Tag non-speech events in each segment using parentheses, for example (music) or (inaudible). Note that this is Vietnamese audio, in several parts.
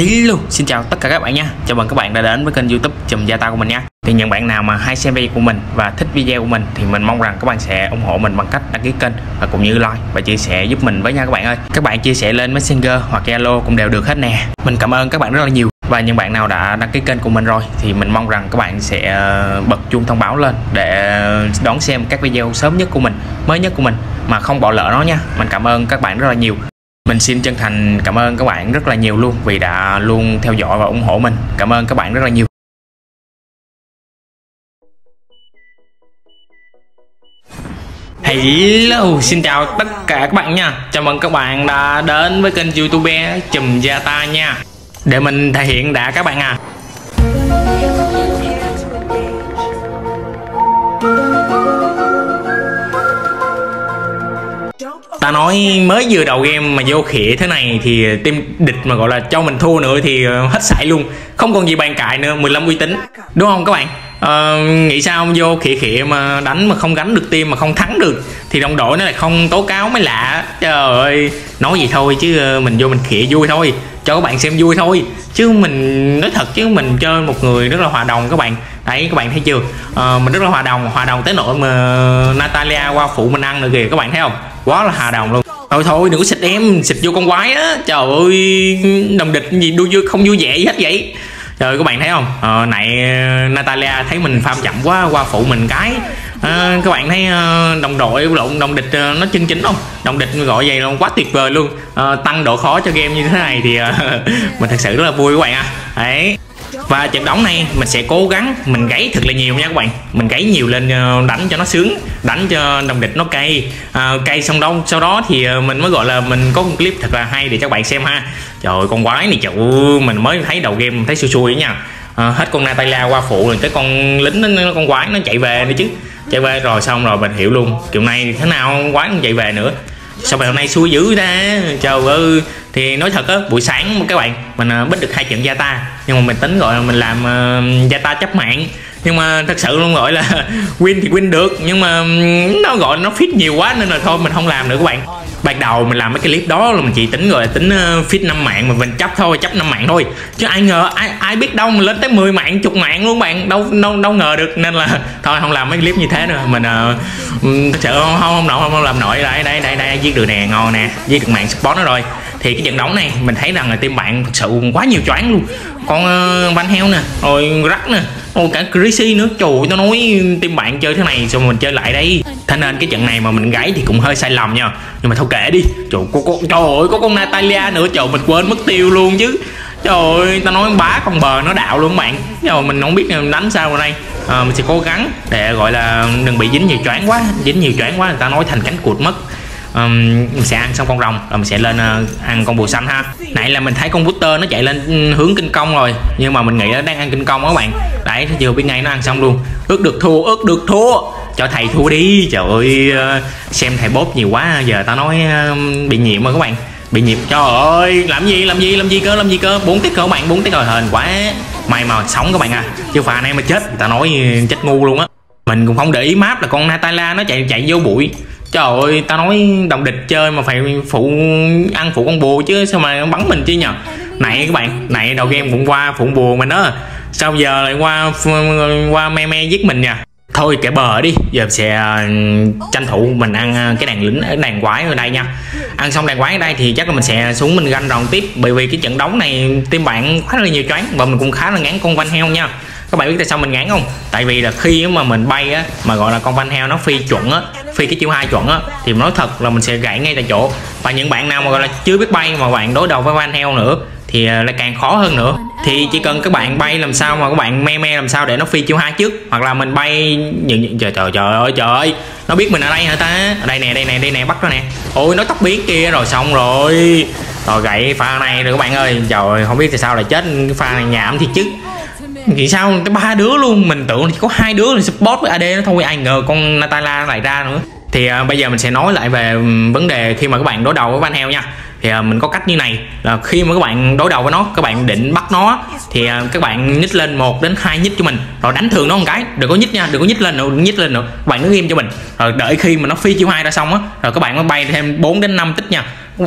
Hello, xin chào tất cả các bạn nha Chào mừng các bạn đã đến với kênh youtube Chùm Gia Tao của mình nha Thì những bạn nào mà hay xem video của mình và thích video của mình Thì mình mong rằng các bạn sẽ ủng hộ mình bằng cách đăng ký kênh Và cũng như like và chia sẻ giúp mình với nha các bạn ơi Các bạn chia sẻ lên Messenger hoặc Zalo cũng đều được hết nè Mình cảm ơn các bạn rất là nhiều và những bạn nào đã đăng ký kênh của mình rồi thì mình mong rằng các bạn sẽ ờ, bật chuông thông báo lên để đón xem các video sớm nhất của mình mới nhất của mình mà không bỏ lỡ nó nha mình cảm ơn các bạn rất là nhiều mình xin chân thành cảm ơn các bạn rất là nhiều luôn vì đã luôn theo dõi và ủng hộ mình cảm ơn các bạn rất là nhiều Hello, xin chào tất cả các bạn nha Chào mừng các bạn đã đến với kênh youtube Chùm Gia Ta nha Để mình thể hiện đã các bạn à nói mới vừa đầu game mà vô khỉa thế này thì team địch mà gọi là cho mình thua nữa thì ờ, hết sải luôn không còn gì bàn cãi nữa 15 uy tín đúng không các bạn à, nghĩ sao ông vô khịa khịa mà đánh mà không gánh được team mà không thắng được thì đồng đội nó lại không tố cáo mới lạ trời ơi nói gì thôi chứ ờ, mình vô mình khịa vui thôi cho các bạn xem vui thôi chứ mình nói thật chứ mình chơi một người rất là hòa đồng các bạn đấy các bạn thấy chưa à, mình rất là hòa đồng hòa đồng tới nỗi mà Natalia qua phụ mình ăn nữa kìa các bạn thấy không quá là hòa đồng luôn thôi thôi đừng có xịt em xịt vô con quái á trời ơi đồng địch gì đu vui không vui vẻ gì hết vậy trời ơi, các bạn thấy không ờ, à, nãy Natalia thấy mình farm chậm quá qua phụ mình cái à, các bạn thấy ờ, đồng đội lộn đồng địch ờ, nó chân chính không đồng địch gọi vậy luôn quá tuyệt vời luôn à, tăng độ khó cho game như thế này thì (laughs) mình thật sự rất là vui các bạn ạ à. và trận đấu này mình sẽ cố gắng mình gáy thật là nhiều nha các bạn mình gáy nhiều lên đánh cho nó sướng đánh cho đồng địch nó cay à, cay xong đâu sau đó thì mình mới gọi là mình có một clip thật là hay để cho các bạn xem ha trời con quái này chậu mình mới thấy đầu game thấy xui xui nha à, hết con Natala qua phụ rồi tới con lính nó con quái nó chạy về nữa chứ chơi về rồi xong rồi mình hiểu luôn kiểu này thế nào quán không chạy về nữa sao bài hôm nay xui dữ ra trời ơi thì nói thật á buổi sáng các bạn mình à, bích được hai trận gia ta nhưng mà mình tính gọi là mình làm ờ, gia ta chấp mạng nhưng mà thật sự luôn gọi là (laughs) win thì win được nhưng mà nó gọi nó fit nhiều quá nên là thôi mình không làm nữa các bạn ban đầu mình làm mấy cái clip đó là mình chỉ tính rồi tính fit năm mạng mà mình chấp thôi chấp năm mạng thôi chứ ai ngờ ai ai biết đâu mình lên tới 10 mạng chục mạng luôn bạn đâu đâu đâu ngờ được nên là (laughs) thôi không làm mấy clip như thế nữa mình uh, thật sự không không không, không, không làm nổi đây đây đây đây giết được nè ngon nè giết được mạng support nó rồi thì cái trận đấu này mình thấy rằng là team bạn thực sự quá nhiều choáng luôn con uh, ờ, bánh heo nè rồi rắc nè ô cả Chrissy nữa trời tao nói team bạn chơi thế này xong mình chơi lại đây thế nên cái trận này mà mình gáy thì cũng hơi sai lầm nha nhưng mà thôi kể đi trời có con trời ơi có con Natalia nữa trời mình quên mất tiêu luôn chứ trời ơi tao nói bá con bờ nó đạo luôn bạn rồi mình không biết đánh sao rồi đây à, mình sẽ cố gắng để gọi là đừng bị dính nhiều choáng quá dính nhiều choáng quá người ta nói thành cánh cụt mất um, mình sẽ ăn xong con rồng rồi mình sẽ lên uh, ăn con bùa xanh ha nãy là mình thấy con booster nó chạy lên hướng kinh công rồi nhưng mà mình nghĩ nó đang ăn kinh công đó các bạn đấy vừa biết ngay nó ăn xong luôn ước được thua ước được thua cho thầy thua đi trời ơi ờ, xem thầy bóp nhiều quá giờ tao nói bị nhiễm rồi các bạn bị nhiễm trời ơi làm gì làm gì làm gì cơ làm gì cơ bốn tiết cơ các bạn bốn tiết rồi hên quá may mà sống các bạn à chứ phà này mà chết Ta nói chết ngu luôn á mình cũng không để ý map là con Natala nó chạy chạy vô bụi trời ơi tao nói đồng địch chơi mà phải phụ ăn phụ con bồ chứ sao mà bắn mình chứ nhở này các bạn này đầu game cũng qua phụ bồ mình đó sao giờ lại qua qua me me giết mình nha thôi kẻ bờ đi giờ sẽ ừ, tranh thủ mình ăn à, cái đàn lính ở à, đàn quái ở đây nha ăn xong đàn quái ở đây thì chắc là mình sẽ xuống mình ganh đòn tiếp bởi vì cái trận đấu này team bạn khá là nhiều choáng và mình cũng khá là ngắn con quanh heo nha các bạn biết tại sao mình ngắn không tại vì là khi mà mình bay á mà gọi là con van heo nó phi chuẩn á phi cái chiều hai chuẩn á thì nói thật là mình sẽ gãy ngay tại chỗ và những bạn nào mà gọi là chưa biết bay mà bạn đối đầu với van heo nữa thì là càng khó hơn nữa thì chỉ cần các bạn bay làm sao mà các bạn me me làm sao để nó phi chiều hai trước hoặc là mình bay những trời trời trời ơi trời ơi nó biết mình ở đây hả ta ở đây nè đây nè đây nè bắt nó nè ôi nó tóc biến kia rồi xong rồi rồi gậy pha này rồi các bạn ơi trời ơi, không biết tại sao lại chết pha này nhảm thì chứ vì sao tới ba đứa luôn mình tưởng chỉ có hai đứa là support với AD nó thôi ai ngờ con Natala lại ra nữa thì à, bây giờ mình sẽ nói lại về ừ, vấn đề khi mà các bạn đối đầu với Van Heo nha thì à, mình có cách như này là khi mà các bạn đối đầu với nó các bạn định bắt nó thì à, các bạn nhích lên một đến hai nhích cho mình rồi đánh thường nó một cái đừng có nhích nha đừng có nhích lên nữa đừng nhích lên nữa các bạn cứ im cho mình rồi đợi khi mà nó phi chiêu hai ra xong á rồi các bạn mới bay thêm 4 đến 5 tích nha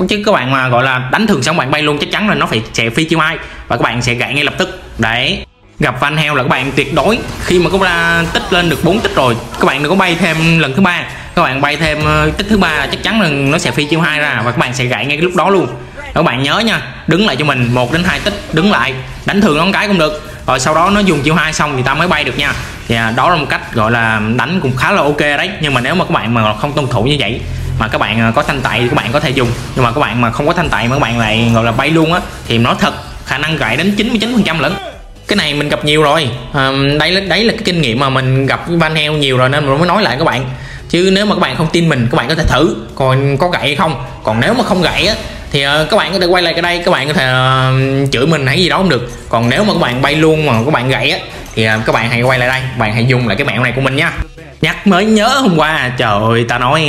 chứ các bạn mà gọi là đánh thường xong bạn bay luôn chắc chắn là nó phải sẽ phi chiêu hai và các bạn sẽ gãy ngay lập tức đấy gặp van heo là các bạn tuyệt đối khi mà các ra tích lên được 4 tích rồi các bạn đừng có bay thêm lần thứ ba các bạn bay thêm ờ, tích thứ ba chắc chắn là nó sẽ phi chiêu hai ra và các bạn sẽ gãy ngay cái lúc đó luôn các bạn nhớ nha đứng lại cho mình một đến hai tích đứng lại đánh thường nó cái cũng được rồi sau đó nó dùng chiêu hai xong thì ta mới bay được nha thì dạ, đó là một cách gọi là đánh cũng khá là ok đấy nhưng mà nếu mà các bạn mà không tuân thủ như vậy mà các bạn ờ, có thanh tẩy thì các bạn có thể dùng nhưng mà các bạn mà không có thanh tẩy mà các bạn lại gọi là bay luôn á thì nó thật khả năng gãy đến 99% lẫn cái này mình gặp nhiều rồi à, đấy đấy là cái kinh nghiệm mà mình gặp với van heo nhiều rồi nên mình mới nói lại các bạn chứ nếu mà các bạn không tin mình các bạn có thể thử còn có gậy hay không còn nếu mà không gậy á thì ờ, các bạn có thể quay lại cái đây các bạn có thể ờ, chửi mình hay gì đó cũng được còn nếu mà các bạn bay luôn mà các bạn gậy á thì ờ, các bạn hãy quay lại đây bạn hãy dùng lại cái mẹo này của mình nha nhắc mới nhớ hôm qua trời ơi ta nói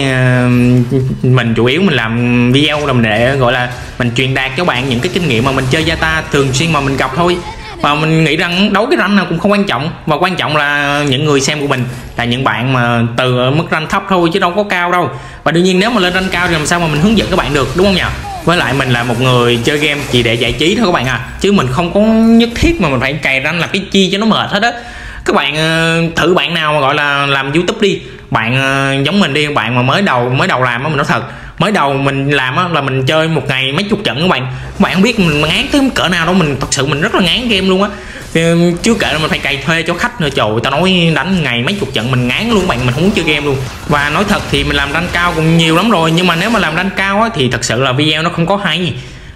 mình chủ yếu mình làm video làm để gọi là mình truyền đạt cho bạn những cái kinh nghiệm mà mình chơi gia ta thường xuyên mà mình gặp thôi mà mình nghĩ rằng đấu cái rank nào cũng không quan trọng và quan trọng là những người xem của mình là những bạn mà từ mức rank thấp thôi chứ đâu có cao đâu và đương nhiên nếu mà lên rank cao thì làm sao mà mình hướng dẫn các bạn được đúng không nhỉ với lại mình là một người chơi game chỉ để giải trí thôi các bạn à chứ mình không có nhất thiết mà mình phải cày rank là cái chi cho nó mệt hết á các bạn ờ, thử bạn nào mà gọi là làm youtube đi bạn ờ, giống mình đi bạn mà mới đầu mới đầu làm á mình nói thật mới đầu mình làm á là mình chơi một ngày mấy chục trận các bạn các bạn không biết mình ngán tới cỡ nào đâu mình thật sự mình rất là ngán game luôn á ừ, chưa kể là mình phải cày thuê cho khách nữa trời tao nói đánh ngày mấy chục trận mình ngán luôn bạn mình không muốn chơi game luôn và nói thật thì mình làm rank cao cũng nhiều lắm rồi nhưng mà nếu mà làm rank cao á, thì thật sự là video nó không có hay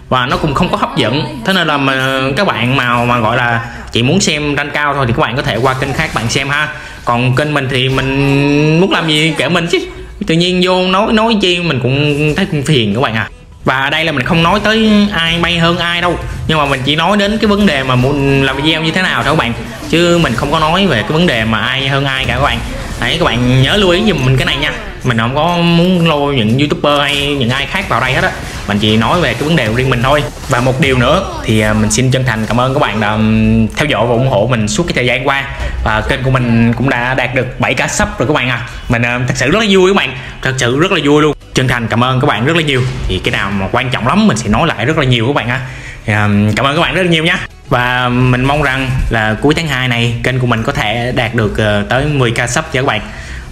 và nó cũng không có hấp dẫn thế nên là mà các bạn mà mà gọi là chỉ muốn xem rank cao thôi thì các bạn có thể qua kênh khác bạn xem ha còn kênh mình thì mình muốn làm gì kể mình chứ tự nhiên vô nói nói chi mình cũng thấy cũng phiền các bạn à và ở đây là mình không nói tới ai bay hơn ai đâu nhưng mà mình chỉ nói đến cái vấn đề mà muốn làm video như thế nào thôi các bạn chứ mình không có nói về cái vấn đề mà ai hơn ai cả các bạn đấy các bạn nhớ lưu ý giùm mình cái này nha mình không có muốn lôi những youtuber hay những ai khác vào đây hết á mình chỉ nói về cái vấn đề của riêng mình thôi và một điều nữa thì à, mình xin chân thành cảm ơn các bạn đã theo dõi và ủng hộ mình suốt cái thời gian qua và kênh của mình cũng đã đạt được 7k sub rồi các bạn à mình à, thật sự rất là vui các bạn thật sự rất là vui luôn chân thành cảm ơn các bạn rất là nhiều thì cái nào mà quan trọng lắm mình sẽ nói lại rất là nhiều các bạn á à. à. cảm ơn các bạn rất là nhiều nha và mình mong rằng là cuối tháng 2 này kênh của mình có thể đạt được ờ, tới 10k sub cho các bạn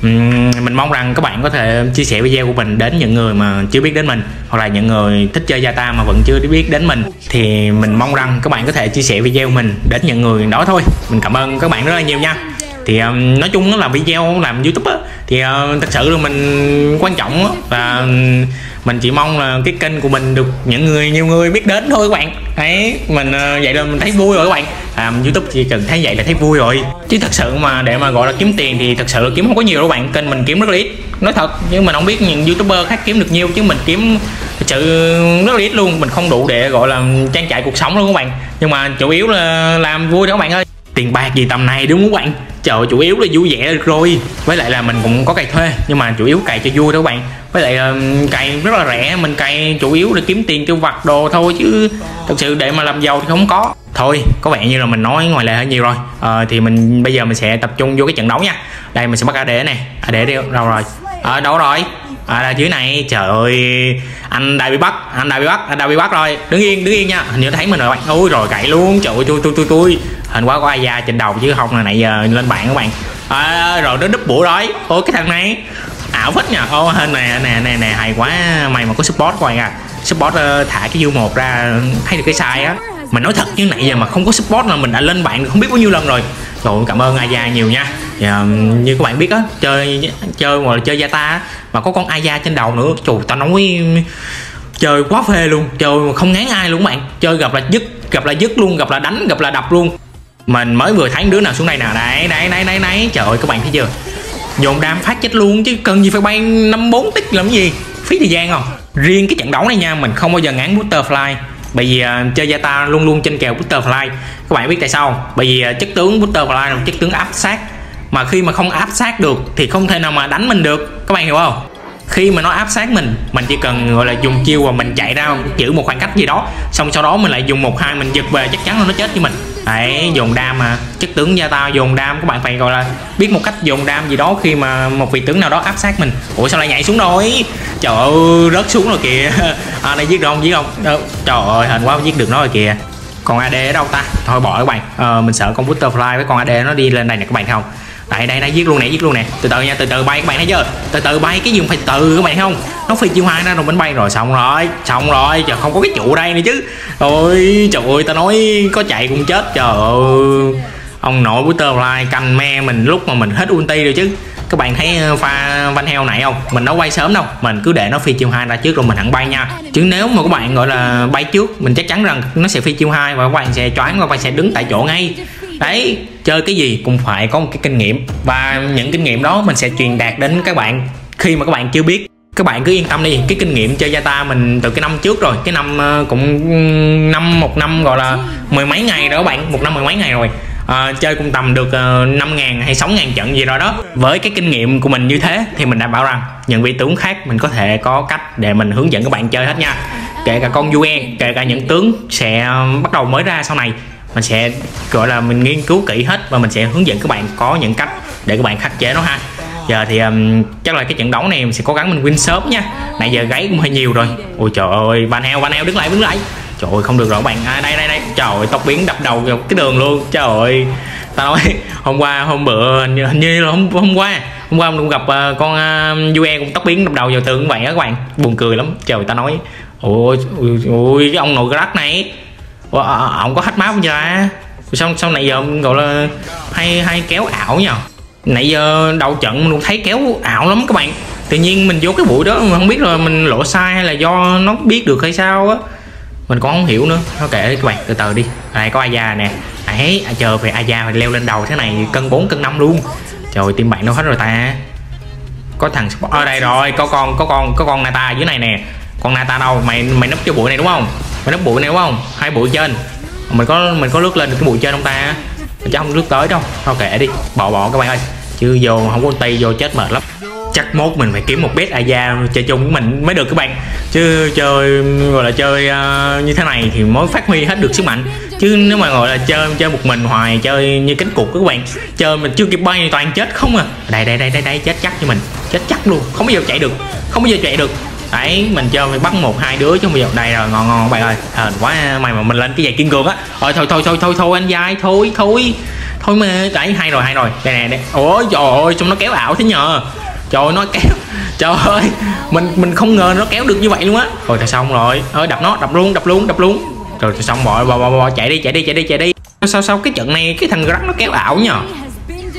mình mong rằng các bạn có thể chia sẻ video của mình đến những người mà chưa biết đến mình hoặc là những người thích chơi gia ta mà vẫn chưa biết đến mình thì mình mong rằng các bạn có thể chia sẻ video mình đến những người đó thôi mình cảm ơn các bạn rất là nhiều nha thì nói chung là video làm youtube á thì uh, thật sự là mình quan trọng đó. và mình chỉ mong là cái kênh của mình được những người nhiều người biết đến thôi các bạn thấy mình uh, vậy là mình thấy vui rồi các bạn làm youtube chỉ cần thấy vậy là thấy vui rồi chứ thật sự mà để mà gọi là kiếm tiền thì thật sự kiếm không có nhiều đâu các bạn kênh mình kiếm rất là ít nói thật nhưng mình không biết những youtuber khác kiếm được nhiều chứ mình kiếm thật sự rất là ít luôn mình không đủ để gọi là trang trải cuộc sống luôn các bạn nhưng mà chủ yếu là làm vui đó các bạn ơi tiền bạc gì tầm này đúng không các bạn chợ chủ yếu là vui vẻ rồi với lại là mình cũng có cày thuê nhưng mà chủ yếu cày cho vui đó các bạn với lại cày rất là rẻ mình cày chủ yếu là kiếm tiền tiêu vặt đồ thôi chứ thực sự để mà làm giàu thì không có thôi có vẻ như là mình nói ngoài lề hơi nhiều rồi à, thì mình bây giờ mình sẽ tập trung vô cái trận đấu nha đây mình sẽ bắt ra để này à, để đâu rồi ở ờ, à, đâu rồi à, dưới này trời ơi anh đại bị bắt anh đại bị bắt anh đại bị bắt rồi đứng yên đứng yên nha hình như thấy mình rồi bạn ôi rồi cậy luôn trời ơi tôi tôi tôi tôi hình quá có ai trên đầu chứ không là nãy giờ lên bạn các bạn à, rồi nó đúp bụi đói ôi cái thằng này ảo phết nhờ ô hình này nè nè nè hay quá mày mà có support của anh à support ờ, thả cái u một ra thấy được cái sai á mình nói thật như nãy giờ mà không có support là mình đã lên bạn không biết bao nhiêu lần rồi rồi cảm ơn Aya nhiều nha yeah, dạ, như các bạn biết á chơi chơi mà chơi gia ta mà có con Aya trên đầu nữa trời tao nói chơi quá phê luôn chơi không ngán ai luôn các bạn chơi gặp là dứt gặp là dứt luôn gặp là đánh gặp là đập luôn mình mới vừa thấy đứa nào xuống đây nào đấy đấy đấy đấy đấy trời ơi các bạn thấy chưa dồn đam phát chết luôn chứ cần gì phải bay năm bốn tích làm gì phí thời gian không riêng cái trận đấu này nha mình không bao giờ ngán butterfly bởi vì uh, chơi ta luôn luôn trên kèo butterfly các bạn biết tại sao bởi vì uh, chất tướng butterfly là một chất tướng áp sát mà khi mà không áp sát được thì không thể nào mà đánh mình được các bạn hiểu không khi mà nó áp sát mình mình chỉ cần gọi là dùng chiêu và mình chạy ra giữ một khoảng cách gì đó xong sau đó mình lại dùng một hai mình giật về chắc chắn là nó chết với mình đấy dồn đam mà chất tướng gia tao dồn đam các bạn phải gọi là biết một cách dồn đam gì đó khi mà một vị tướng nào đó áp sát mình ủa sao lại nhảy xuống rồi trời ơi rớt xuống rồi kìa (laughs) à này giết được không giết không Đâu. trời ơi hên quá giết được nó rồi kìa còn AD ở đâu ta thôi bỏ các bạn à, mình sợ con Butterfly với con AD nó đi lên này nè các bạn không đây đây đây giết luôn nè giết luôn nè từ từ nha từ từ bay các bạn thấy chưa từ từ bay cái gì phải từ các bạn thấy không nó phi chiêu hai ra rồi bánh bay rồi xong rồi xong rồi trời không có cái trụ đây nữa chứ ôi trời ơi ta nói có chạy cũng chết trời ơi ông nội của tơ canh me mình lúc mà mình hết ulti rồi chứ các bạn thấy ờ, pha van heo này không mình đâu quay sớm đâu mình cứ để nó phi chiêu hai ra trước rồi mình hẳn bay nha chứ nếu mà các bạn gọi là bay trước mình chắc chắn rằng nó sẽ phi chiêu hai và các bạn sẽ choáng và các bạn sẽ đứng tại chỗ ngay đấy chơi cái gì cũng phải có một cái kinh nghiệm và những kinh nghiệm đó mình sẽ truyền đạt đến các bạn khi mà các bạn chưa biết các bạn cứ yên tâm đi cái kinh nghiệm chơi Zata mình từ cái năm trước rồi cái năm ờ, cũng năm một năm gọi là mười mấy ngày rồi các bạn một năm mười mấy ngày rồi à, chơi cũng tầm được uh, ờ, 5 ngàn hay 6 ngàn trận gì rồi đó với cái kinh nghiệm của mình như thế thì mình đã bảo rằng những vị tướng khác mình có thể có cách để mình hướng dẫn các bạn chơi hết nha kể cả con UE kể cả những tướng sẽ bắt đầu mới ra sau này mình sẽ gọi là mình nghiên cứu kỹ hết và mình sẽ hướng dẫn các bạn có những cách để các bạn khắc chế nó ha giờ thì um, chắc là cái trận đấu này mình sẽ cố gắng mình win sớm nha nãy giờ gáy cũng hơi nhiều rồi ôi trời ơi ban heo ban heo đứng lại đứng lại trời ơi không được rồi các bạn à, đây đây đây trời ơi tóc biến đập đầu vào cái đường luôn trời ơi ta nói (laughs) hôm qua hôm bữa hình như, là hôm, hôm qua hôm qua mình cũng gặp uh, con uh, ờ, UE cũng tóc biến đập đầu vào tường cũng vậy á các bạn buồn cười lắm trời ta nói ôi ôi, ôi cái ông nội rắc này À, à, ông có hết máu bây giờ à sau này giờ gọi là hay hay kéo ảo nhờ nãy giờ đầu trận mình cũng thấy kéo ảo lắm các bạn tự nhiên mình vô cái bụi đó mà không biết là mình lộ sai hay là do nó biết được hay sao á mình còn không hiểu nữa nó kệ các bạn từ từ đi này có Aya nè ấy à, chờ về Aya leo lên đầu thế này cân 4 cân 5 luôn trời tim bạn đâu hết rồi ta có thằng ở ờ, đây rồi có con có con có con Nata dưới này nè con Nata đâu mày mày nấp cho bụi này đúng không mày đắp bụi này đúng không hai bụi trên mình có mình có lướt lên được cái bụi trên ông ta mình chắc không lướt tới đâu thôi kệ đi bỏ bỏ các bạn ơi chứ vô không có tay vô chết mệt lắm chắc mốt mình phải kiếm một bếp Aya chơi chung với mình mới được các bạn chứ chơi gọi là chơi uh, như thế này thì mới phát huy hết được sức mạnh chứ nếu mà gọi là chơi chơi một mình hoài chơi như cánh cụt các bạn chơi mình chưa kịp bay toàn chết không à đây đây đây đây đây chết chắc cho mình chết chắc luôn không bao giờ chạy được không bao giờ chạy được đấy mình cho mình bắt một hai đứa chứ bây giờ đây rồi ngon ngon bạn ơi hên ờ, quá mày mà mình lên cái giày kiên cường á thôi thôi thôi thôi thôi thôi anh dai thôi thôi thôi mà đấy hay rồi hay rồi đây nè đây ôi trời ơi trông nó kéo ảo thế nhờ trời ơi, nó kéo trời ơi mình mình không ngờ nó kéo được như vậy luôn á rồi thì xong rồi ơi đập nó đập luôn đập luôn đập luôn rồi thì xong rồi bò bò bò chạy đi chạy đi chạy đi chạy đi sao sao cái trận này cái thằng rắn nó kéo ảo nhờ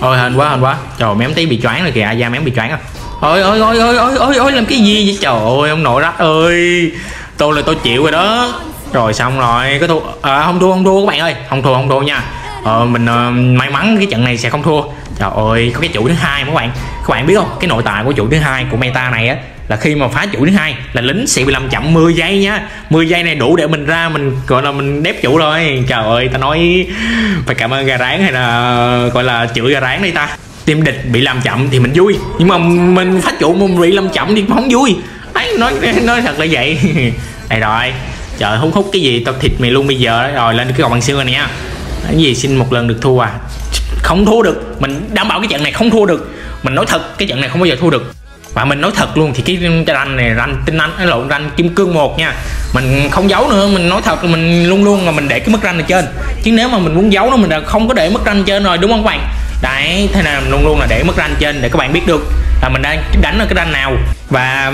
ôi hên quá hên quá trời mém tí bị choáng rồi kìa da mém bị choáng rồi à ôi ôi ôi ôi ôi ôi ôi làm cái gì vậy trời ơi ông nội rách ơi tôi là tôi chịu rồi đó rồi xong rồi cái thua à, không thua không thua các bạn ơi không thua không thua nha ờ, mình uh, may mắn cái trận này sẽ không thua trời ơi có cái chủ thứ hai mà các bạn các bạn biết không cái nội tại của chủ thứ hai của meta này á là khi mà phá chủ thứ hai là lính sẽ bị làm chậm 10 giây nhá, 10 giây này đủ để mình ra mình gọi là mình đép chủ rồi trời ơi ta nói phải cảm ơn gà ráng hay là gọi là chửi gà ráng đi ta team địch bị làm chậm thì mình vui nhưng mà mình phát trụ mình bị làm chậm thì không vui ấy nói nói thật là vậy (laughs) này rồi trời hút hút cái gì tao thịt mày luôn bây giờ đó. rồi lên cái gọng bằng xương này nha cái gì xin một lần được thua à không thua được mình đảm bảo cái trận này không thua được mình nói thật cái trận này không bao giờ thua được và mình nói thật luôn thì cái ranh này ranh tinh anh lộn ranh kim cương một nha mình không giấu nữa mình nói thật mình luôn luôn là mình để cái mức ranh này trên chứ nếu mà mình muốn giấu nó mình là không có để mức ranh trên rồi đúng không các bạn đấy thế nên luôn luôn là để mức ranh trên để các bạn biết được là mình đang đánh ở cái ranh nào và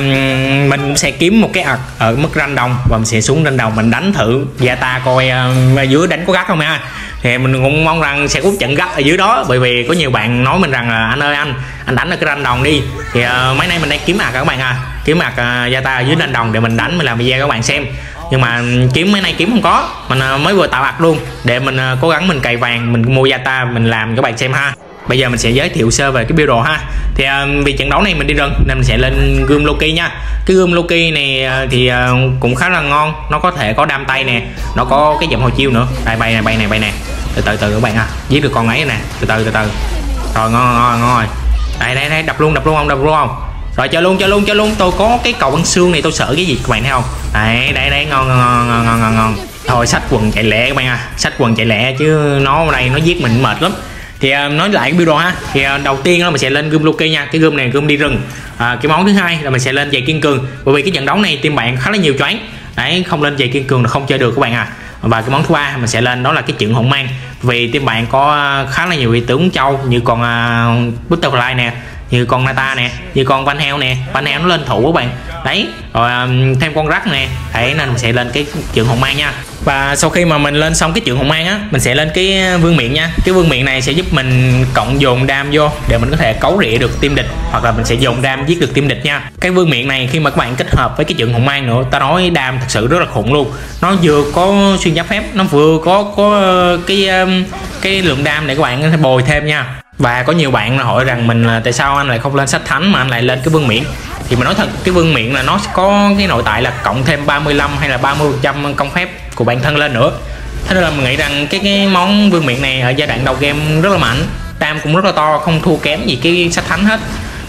mình cũng sẽ kiếm một cái ật ở mức ranh đồng và mình sẽ xuống ranh đồng mình đánh thử gia ta coi ờ, ở dưới đánh có gắt không ha thì mình cũng mong rằng sẽ có trận gắt ở dưới đó bởi vì có nhiều bạn nói mình rằng là anh ơi anh anh đánh ở cái ranh đồng đi thì uh, mấy nay mình đang kiếm ạc các bạn à kiếm ạc uh, gia ta ở dưới ranh đồng để mình đánh mình làm video các bạn xem nhưng mà kiếm mấy nay kiếm không có mình à, mới vừa tạo ạc luôn để mình à, cố gắng mình cày vàng mình mua data mình làm các bạn xem ha bây giờ mình sẽ giới thiệu sơ về cái build đồ ha thì à, vì trận đấu này mình đi rừng nên mình sẽ lên gươm Loki nha cái gươm Loki này thì cũng khá là ngon nó có thể có đam tay nè nó có cái giọng hồi chiêu nữa đây bay này bay này bay nè từ từ từ các bạn ha giết được con ấy nè từ từ từ từ rồi ngon ngon ngon rồi đây đây đây đập luôn đập luôn không đập luôn không rồi chơi luôn chơi luôn chơi luôn tôi có cái cầu băng xương này tôi sợ cái gì các bạn thấy không đấy đấy đấy ngon ngon ngon ngon ngon ngon thôi sách quần chạy lẹ các bạn à sách quần chạy lẹ chứ nó này nó giết mình mệt lắm thì ờ, nói lại cái build ha thì ờ, đầu tiên là mình sẽ lên gươm Loki nha cái gươm này gươm đi rừng à, cái món thứ hai là mình sẽ lên giày kiên cường bởi vì cái trận đấu này team bạn khá là nhiều choáng đấy không lên giày kiên cường là không chơi được các bạn à và cái món thứ ba mình sẽ lên đó là cái chuyện hỗn mang vì team bạn có khá là nhiều vị tướng châu như còn uh, Butterfly nè như con nata nè như con van heo nè van heo nó lên thủ các bạn đấy rồi um, thêm con rắc nè đấy nên mình sẽ lên cái trường hồng mang nha và sau khi mà mình lên xong cái trường hồng mang á mình sẽ lên cái uh, vương miệng nha cái vương miệng này sẽ giúp mình cộng dồn đam vô để mình có thể cấu rỉa được tim địch hoặc là mình sẽ dồn đam giết được tim địch nha cái vương miệng này khi mà các bạn kết hợp với cái trường hồng mang nữa ta nói đam thật sự rất là khủng luôn nó vừa có xuyên giáp phép nó vừa có có uh, cái um, cái lượng đam để các bạn bồi thêm nha và có nhiều bạn là hỏi rằng mình là tại sao anh lại không lên sách thánh mà anh lại lên cái vương miện thì mình nói thật cái vương miện là nó có cái nội tại là cộng thêm 35 hay là 30 trăm công phép của bản thân lên nữa thế nên là mình nghĩ rằng cái cái món vương miện này ở giai đoạn đầu game rất là mạnh tam cũng rất là to không thua kém gì cái sách thánh hết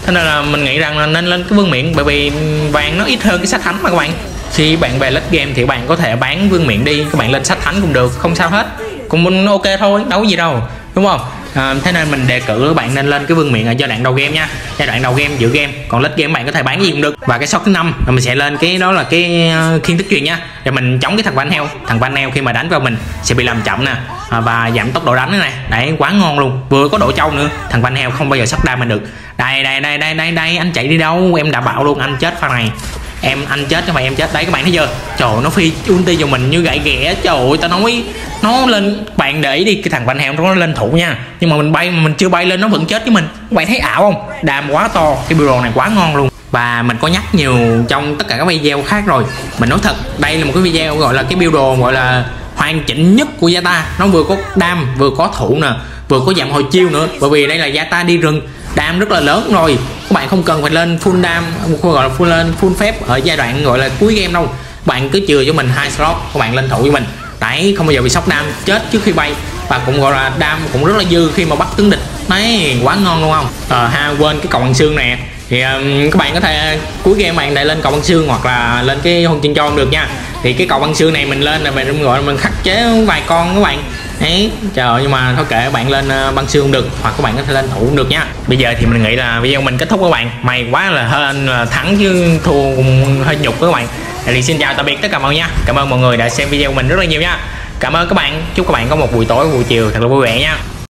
thế nên là mình nghĩ rằng là nên lên cái vương miện bởi vì vàng nó ít hơn cái sách thánh mà các bạn khi bạn về lết game thì bạn có thể bán vương miện đi các bạn lên sách thánh cũng được không sao hết cũng ok thôi đâu có gì đâu đúng không à, thế nên mình đề cử các bạn nên lên cái vương miện ở giai đoạn đầu game nha giai đoạn đầu game giữa game còn lết game bạn có thể bán gì cũng được và cái shot thứ năm mình sẽ lên cái đó là cái ờ, khiên thức truyền nha để mình chống cái thằng van heo thằng van heo khi mà đánh vào mình sẽ bị làm chậm nè à, và giảm tốc độ đánh này đấy quá ngon luôn vừa có độ trâu nữa thằng van heo không bao giờ sắp đa mình được đây đây đây đây đây đây anh chạy đi đâu em đã bảo luôn anh chết pha này em anh chết chứ mà em chết đấy các bạn thấy chưa trời nó phi ulti vào mình như gãy ghẻ trời ơi tao nói nó lên bạn để ý đi cái thằng bánh heo nó lên thủ nha nhưng mà mình bay mà mình chưa bay lên nó vẫn chết với mình các bạn thấy ảo không đàm quá to cái bureau này quá ngon luôn và mình có nhắc nhiều trong tất cả các video khác rồi mình nói thật đây là một cái video gọi là cái build đồ gọi là hoàn chỉnh nhất của gia ta nó vừa có đam vừa có thủ nè vừa có giảm hồi chiêu nữa bởi vì đây là gia ta đi rừng đam rất là lớn rồi các bạn không cần phải lên full đam gọi là full lên full phép ở giai đoạn gọi là cuối game đâu bạn cứ chừa cho mình hai slot các bạn lên thủ với mình đấy không bao giờ bị sóc đam chết trước khi bay và cũng gọi là đam cũng rất là dư khi mà bắt tướng địch đấy quá ngon luôn không ờ ha quên cái cầu bằng xương nè thì um, các bạn có thể cuối game bạn lại lên cầu băng xương hoặc là lên cái hôn chân tròn được nha thì cái cầu băng xương này mình lên là mình gọi là mình khắc chế vài con các bạn ấy trời nhưng mà thôi kệ bạn lên ờ, băng xương được hoặc các bạn có thể lên thủ cũng được nha bây giờ thì mình nghĩ là video mình kết thúc các bạn mày quá là hên thắng chứ thua hơi nhục các bạn thì xin chào tạm biệt tất cả mọi người nha cảm ơn mọi người đã xem video của mình rất là nhiều nha cảm ơn các bạn chúc các bạn có một buổi tối buổi chiều thật là vui vẻ nha